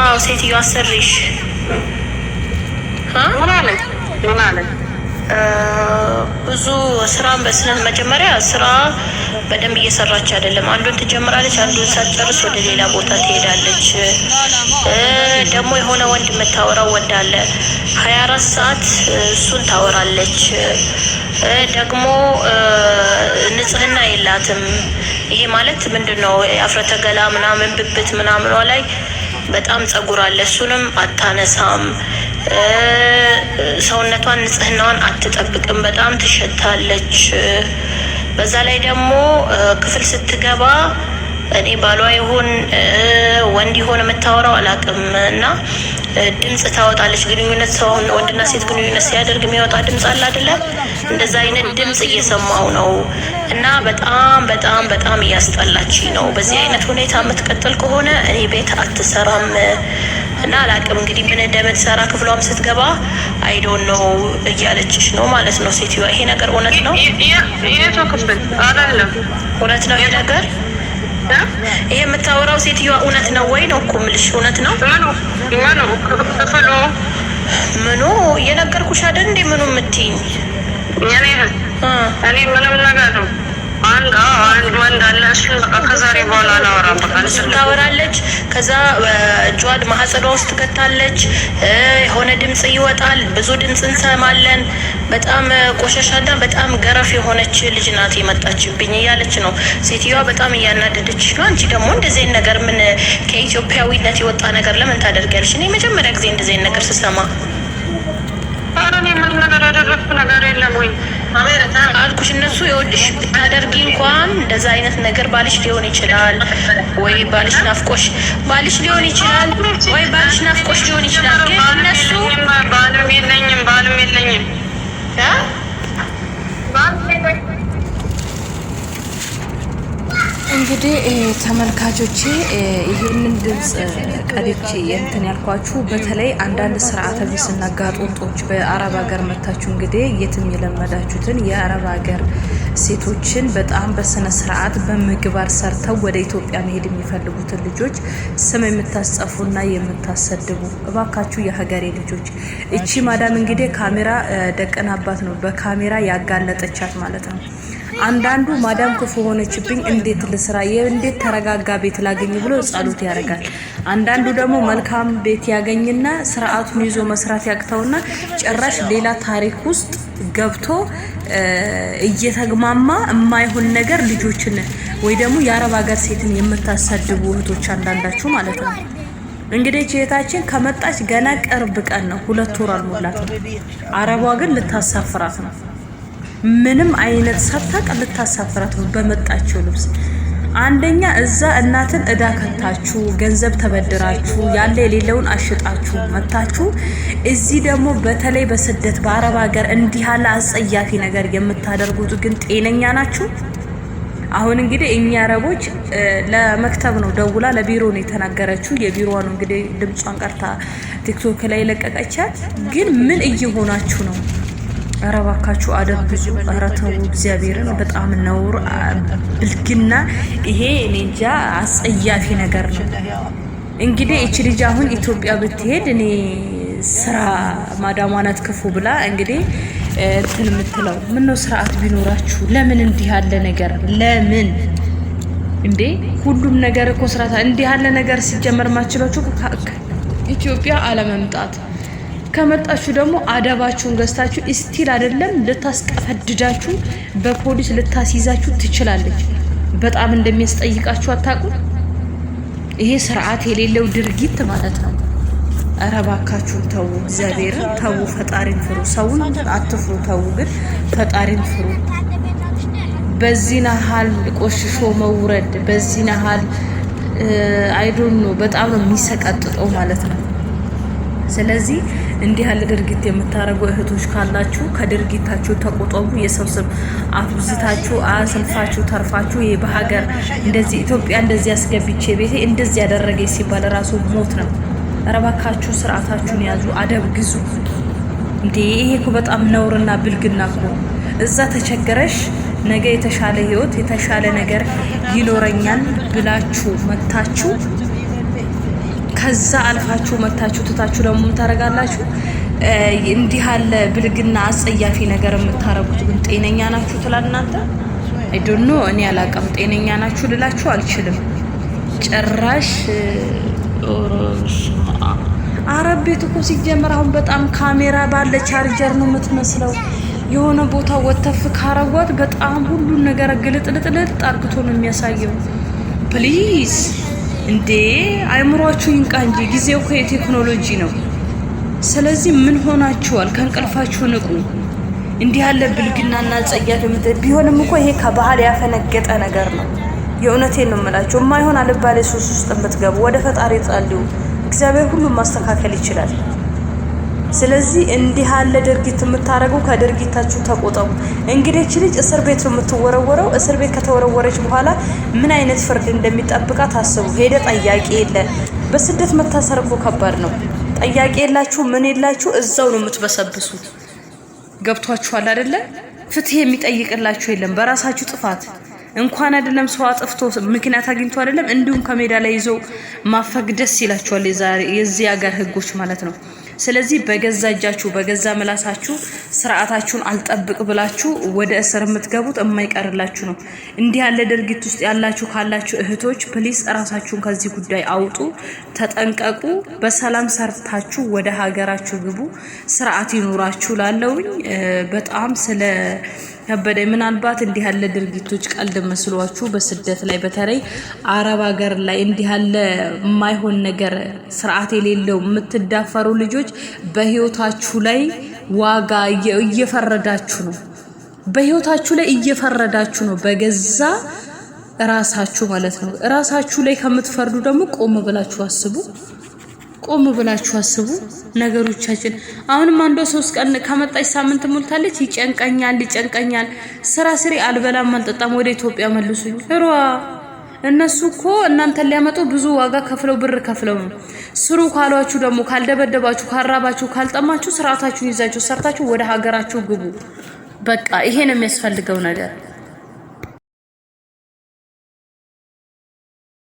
አዎ ሴትዮ አሰሪሽ ብዙ ስራን በስነት መጀመሪያ ስራ በደንብ እየሰራች አይደለም። አንዱን ትጀምራለች፣ አንዱን ሳትጨርስ ወደ ሌላ ቦታ ትሄዳለች። ደግሞ የሆነ ወንድ የምታወራው ወንድ አለ ሀያ አራት ሰዓት እሱን ታወራለች። ደግሞ ንጽህና የላትም ይሄ ማለት ምንድን ነው? አፍረተገላ ምናምን ብብት ምናምኗ ላይ በጣም ጸጉር አለ። እሱንም አታነሳም። ሰውነቷን ንጽህናዋን አትጠብቅም። በጣም ትሸታለች። በዛ ላይ ደግሞ ክፍል ስትገባ እኔ ባሏ ይሁን ወንድ ይሁን የምታወራው አላውቅም እና ድምፅ ታወጣለች። ግንኙነት ሰውን ወንድና ሴት ግንኙነት ሲያደርግ የሚወጣ ድምፅ አለ አይደለም? እንደዛ አይነት ድምፅ እየሰማው ነው እና በጣም በጣም በጣም እያስጠላች ነው። በዚህ አይነት ሁኔታ የምትቀጥል ከሆነ እኔ ቤት አትሰራም እና አላቅም እንግዲህ ምን እንደምትሰራ ክፍሏም ስትገባ አይዶን ነው እያለችሽ ነው ማለት ነው ሴትዮዋ። ይሄ ነገር እውነት ነው? እውነት ነው ይሄ ነገር ይሄ የምታወራው ሴትዮዋ እውነት ነው ወይ ነው እኮ የምልሽ። እውነት ነው ምኑ እየነገርኩሽ አይደል እንዴ? ምኑ የምትይኝ እኔ ምንም ነገር ነው። አንድ አንድ ወንድ አለ ከዛሬ በኋላ አላወራም በቃ ስታወራለች። ከዛ እጇን ማህጸኗ ውስጥ ትከታለች። የሆነ ድምጽ ይወጣል። ብዙ ድምጽ እንሰማለን። በጣም ቆሻሻና በጣም ገረፍ የሆነች ልጅ ናት የመጣችብኝ እያለች ነው ሴትዮዋ። በጣም እያናደደች ነው። አንቺ ደግሞ እንደዚህ ነገር ምን ከኢትዮጵያዊነት የወጣ ነገር ለምን ታደርጊያለሽ? እኔ መጀመሪያ ጊዜ እንደዚህ ነገር ስሰማ ኧረ እኔ ምንም ነገር ያደረግኩ ነገር የለም ወይ አልኩሽ እነሱ የወድሽ አደርጊ እንኳን እንደዛ አይነት ነገር ባልሽ ሊሆን ይችላል ወይ ባልሽ ናፍቆሽ ባልሽ ሊሆን ይችላል ወይ ባልሽ ናፍቆሽ ሊሆን ይችላል። ግን እነሱ ባልም የለኝም ባልም የለኝም እንግዲህ ተመልካቾቼ ይህንን ድምፅ ቀድቼ እንትን ያልኳችሁ በተለይ አንዳንድ ስርዓተ ቢስና ጋጦጦች በአረብ ሀገር መታችሁ እንግዲህ የትም የለመዳችሁትን የአረብ ሀገር ሴቶችን በጣም በስነ ስርዓት በምግባር ሰርተው ወደ ኢትዮጵያ መሄድ የሚፈልጉትን ልጆች ስም የምታስጸፉና የምታሰድቡ እባካችሁ የሀገሬ ልጆች፣ እቺ ማዳም እንግዲህ ካሜራ ደቀናባት ነው በካሜራ ያጋለጠቻት ማለት ነው። አንዳንዱ ማዳም ክፉ ሆነችብኝ እንዴት ልስራ፣ እንዴት ተረጋጋ ቤት ላገኝ ብሎ ጸሎት ያደርጋል። አንዳንዱ ደግሞ መልካም ቤት ያገኝና ስርዓቱን ይዞ መስራት ያቅተውና ጭራሽ ሌላ ታሪክ ውስጥ ገብቶ እየተግማማ የማይሆን ነገር ልጆችን ወይ ደግሞ የአረብ ሀገር ሴትን የምታሳድቡ እህቶች አንዳንዳችሁ ማለት ነው። እንግዲህ እህታችን ከመጣች ገና ቅርብ ቀን ነው፣ ሁለት ወር አልሞላት ነው። አረቧ ግን ልታሳፍራት ነው። ምንም አይነት ሳታውቅ ልታሳፍራት በመጣችው ልብስ አንደኛ እዛ እናትን እዳ ከታችሁ ገንዘብ ተበድራችሁ ያለ የሌለውን አሽጣችሁ መታችሁ። እዚህ ደግሞ በተለይ በስደት በአረብ ሀገር እንዲህ ያለ አጸያፊ ነገር የምታደርጉት ግን ጤነኛ ናችሁ? አሁን እንግዲህ እኛ አረቦች ለመክተብ ነው ደውላ ለቢሮ ነው የተናገረችው። ነው እንግዲህ ድምጿን ቀርታ ቲክቶክ ላይ ለቀቀቻት። ግን ምን እየሆናችሁ ነው? ኧረ እባካችሁ አደብ ብዙ ኧረ ተው እግዚአብሔርን በጣም ነውር ብልግና ይሄ እኔ እንጃ አስጸያፊ ነገር ነው። እንግዲህ እች ልጅ አሁን ኢትዮጵያ ብትሄድ እኔ ስራ ማዳሟ ናት ክፉ ብላ እንግዲህ እንትን የምትለው ምነው ስርዓት ቢኖራችሁ ለምን እንዲህ ያለ ነገር ለምን እንዴ ሁሉም ነገር እኮ ስርዓት እንዲህ ያለ ነገር ሲጀመር ማችሏችሁ ኢትዮጵያ አለመምጣት ከመጣችሁ ደግሞ አደባችሁን ገዝታችሁ ስቲል አይደለም ልታስቀፈድዳችሁ በፖሊስ ልታስይዛችሁ ትችላለች። በጣም እንደሚያስጠይቃችሁ አታውቁም? ይሄ ስርዓት የሌለው ድርጊት ማለት ነው። ኧረ እባካችሁ ተዉ፣ እግዚአብሔርን ተዉ፣ ፈጣሪን ፍሩ። ሰውን አትፍሩ፣ ተዉ ግን ፈጣሪን ፍሩ። በዚህ ናሃል ቆሽሾ መውረድ፣ በዚህ ናሃል አይዶኖ በጣም ነው የሚሰቀጥጠው ማለት ነው። ስለዚህ እንዲህ ያለ ድርጊት የምታደርጉ እህቶች ካላችሁ ከድርጊታችሁ ተቆጠቡ። የሰው ስም አብዝታችሁ ተርፋችሁ ይህ በሀገር እንደዚህ ኢትዮጵያ እንደዚህ አስገብቼ ቤቴ እንደዚህ ያደረገ ሲባል ራሱ ሞት ነው። ረባካችሁ ስርዓታችሁን ያዙ፣ አደብ ግዙ። እንዴ ይሄ እኮ በጣም ነውርና ብልግና እኮ እዛ ተቸገረሽ ነገ የተሻለ ህይወት የተሻለ ነገር ይኖረኛል ብላችሁ መታችሁ ከዛ አልፋችሁ መታችሁ ትታችሁ ደግሞ ምታረጋላችሁ። እንዲህ አለ ብልግና አጸያፊ ነገር የምታረጉት ግን ጤነኛ ናችሁ ትላል። እናንተ አይዶኖ እኔ ያላቀም ጤነኛ ናችሁ ልላችሁ አልችልም። ጭራሽ አረብ ቤት እኮ ሲጀምር አሁን በጣም ካሜራ ባለ ቻርጀር ነው የምትመስለው። የሆነ ቦታ ወተፍ ካረጓት በጣም ሁሉን ነገር ግልጥልጥልጥ አርግቶ ነው የሚያሳየው። ፕሊዝ እንዴ አይምሯችሁ ይንቃ እንጂ ጊዜው እኮ የቴክኖሎጂ ነው። ስለዚህ ምን ሆናችኋል? ከእንቅልፋችሁ ንቁ። እንዲህ ያለ ብልግናና ጸያፍ ቢሆንም እኮ ይሄ ከባህል ያፈነገጠ ነገር ነው። የእውነቴን ነው የምላቸው። የማይሆን አልባሌ ሱስ ውስጥ የምትገቡ ወደ ፈጣሪ ጸልዩ። እግዚአብሔር ሁሉም ማስተካከል ይችላል። ስለዚህ እንዲህ ያለ ድርጊት የምታደርጉ ከድርጊታችሁ ተቆጠቡ። እንግዲች ልጅ እስር ቤት ነው የምትወረወረው። እስር ቤት ከተወረወረች በኋላ ምን አይነት ፍርድ እንደሚጠብቃ ታስቡ። ሄደ ጠያቂ የለ። በስደት መታሰር እኮ ከባድ ነው። ጠያቂ የላችሁ፣ ምን የላችሁ፣ እዛው ነው የምትበሰብሱት። ገብቷችኋል አደለ? ፍትህ የሚጠይቅላችሁ የለም። በራሳችሁ ጥፋት እንኳን አይደለም ሰው አጥፍቶ ምክንያት አግኝቶ አይደለም እንዲሁም ከሜዳ ላይ ይዘው ማፈግ ደስ ይላችኋል። የዚህ ሀገር ህጎች ማለት ነው። ስለዚህ በገዛ እጃችሁ በገዛ ምላሳችሁ ስርዓታችሁን አልጠብቅ ብላችሁ ወደ እስር የምትገቡት የማይቀርላችሁ ነው። እንዲህ ያለ ድርጊት ውስጥ ያላችሁ ካላችሁ እህቶች ፕሊስ እራሳችሁን ከዚህ ጉዳይ አውጡ፣ ተጠንቀቁ። በሰላም ሰርታችሁ ወደ ሀገራችሁ ግቡ፣ ስርዓት ይኑራችሁ። ላለውኝ በጣም ስለ ከበደ ምናልባት እንዲህ ያለ ድርጊቶች ቀልድ መስሏችሁ በስደት ላይ በተለይ አረብ ሀገር ላይ እንዲህ ያለ የማይሆን ነገር ስርዓት የሌለው የምትዳፈሩ ልጆች በህይወታችሁ ላይ ዋጋ እየፈረዳችሁ ነው። በህይወታችሁ ላይ እየፈረዳችሁ ነው። በገዛ እራሳችሁ ማለት ነው። እራሳችሁ ላይ ከምትፈርዱ ደግሞ ቆም ብላችሁ አስቡ። ቆም ብላችሁ አስቡ። ነገሮቻችን አሁንም አንዷ ሶስት ቀን ከመጣች ሳምንት ሞልታለች። ይጨንቀኛል ይጨንቀኛል፣ ስራ ስሪ፣ አልበላም አልጠጣም፣ ወደ ኢትዮጵያ መልሱኝ። ሯ እነሱ እኮ እናንተን ሊያመጡ ብዙ ዋጋ ከፍለው ብር ከፍለው ነው። ስሩ ካሏችሁ ደግሞ ካልደበደባችሁ፣ ካራባችሁ፣ ካልጠማችሁ ስርዓታችሁን ይዛችሁ ሰርታችሁ ወደ ሀገራችሁ ግቡ። በቃ ይሄ ነው የሚያስፈልገው ነገር።